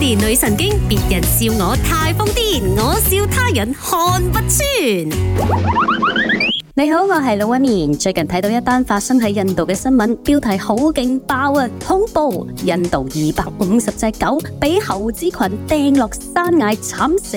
連女神經，別人笑我太瘋癲，我笑他人看不穿。你好，我係老温。最近睇到一單發生喺印度嘅新聞，標題好勁爆啊，恐怖！印度二百五十隻狗俾猴子群掟落山崖慘死。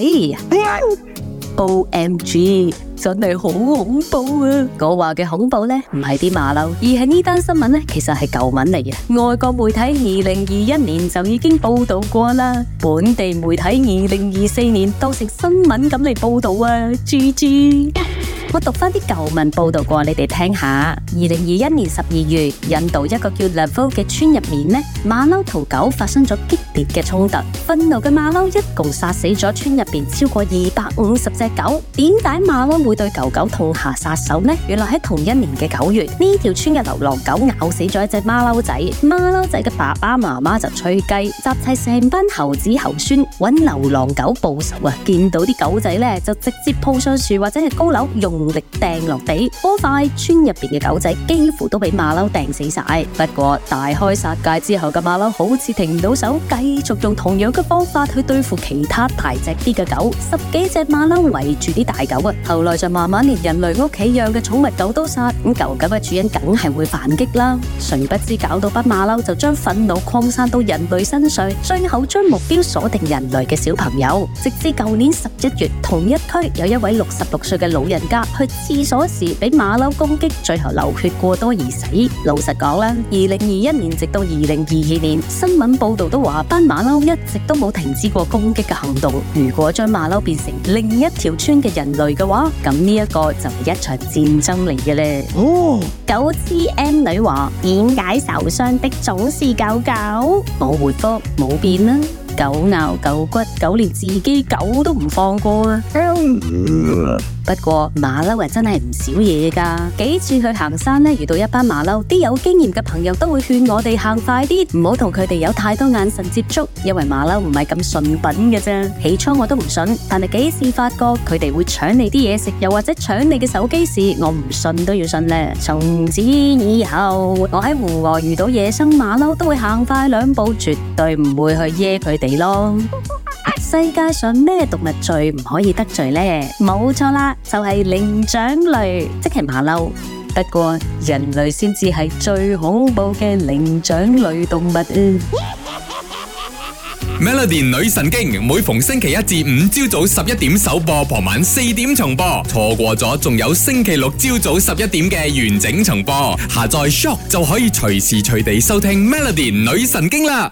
嗯 O M G，真係好恐怖啊！我話嘅恐怖咧，唔係啲馬騮，而係呢單新聞咧，其實係舊聞嚟嘅。外國媒體二零二一年就已經報道過啦，本地媒體二零二四年當成新聞咁嚟報道啊，GG。我讀翻啲舊文報道過你哋聽下。二零二一年十二月，印度一個叫 Lavoo 嘅村入面呢，馬騮同狗發生咗激烈嘅衝突。憤怒嘅馬騮一共殺死咗村入面超過二百五十隻狗。點解馬騮會對狗狗痛下殺手呢？原來喺同一年嘅九月，呢條村嘅流浪狗咬死咗一隻馬騮仔，馬騮仔嘅爸爸媽媽就吹雞，集齊成班猴子猴孫搵流浪狗報仇啊！見到啲狗仔咧，就直接撲上樹或者係高樓用。用力掟落地，嗰塊村入邊嘅狗仔幾乎都俾馬騮掟死晒。不過大開殺戒之後嘅馬騮好似停唔到手，繼續用同樣嘅方法去對付其他大隻啲嘅狗。十幾隻馬騮圍住啲大狗啊，後來就慢慢連人類屋企養嘅寵物狗都殺。咁狗狗嘅主人梗係會反擊啦。誰不知搞到班馬騮就將憤怒擴散到人類身上，最後將目標鎖定人類嘅小朋友。直至舊年十一月，同一區有一位六十六歲嘅老人家，去廁所時俾馬騮攻擊，最後流血過多而死。老實講啦，二零二一年直到二零二二年，新聞報道都話班馬騮一直都冇停止過攻擊嘅行動。如果將馬騮變成另一條村嘅人類嘅話，咁呢一個就係一場戰爭嚟嘅咧。哦，九 C M 女話點解受傷的總是狗狗？我回複冇變呢？」狗咬狗骨，狗連自己狗都唔放過啊。喵不過馬騮啊，真係唔少嘢噶。幾次去行山咧，遇到一班馬騮，啲有經驗嘅朋友都會勸我哋行快啲，唔好同佢哋有太多眼神接觸，因為馬騮唔係咁純品嘅啫。起初我都唔信，但係幾次發覺佢哋會搶你啲嘢食，又或者搶你嘅手機時，我唔信都要信咧。從此以後，我喺戶外遇到野生馬騮，都會行快兩步，絕對唔會去惹佢哋。咯，世界上咩動物最唔可以得罪呢？冇錯啦，就係靈長類，即係馬騮。不過人類先至係最恐怖嘅靈長類動物。Melody 女神經，每逢星期一至五朝早十一點首播，傍晚四點重播。錯過咗，仲有星期六朝早十一點嘅完整重播。下載 Shock 就可以隨時隨地收聽 Melody 女神經啦。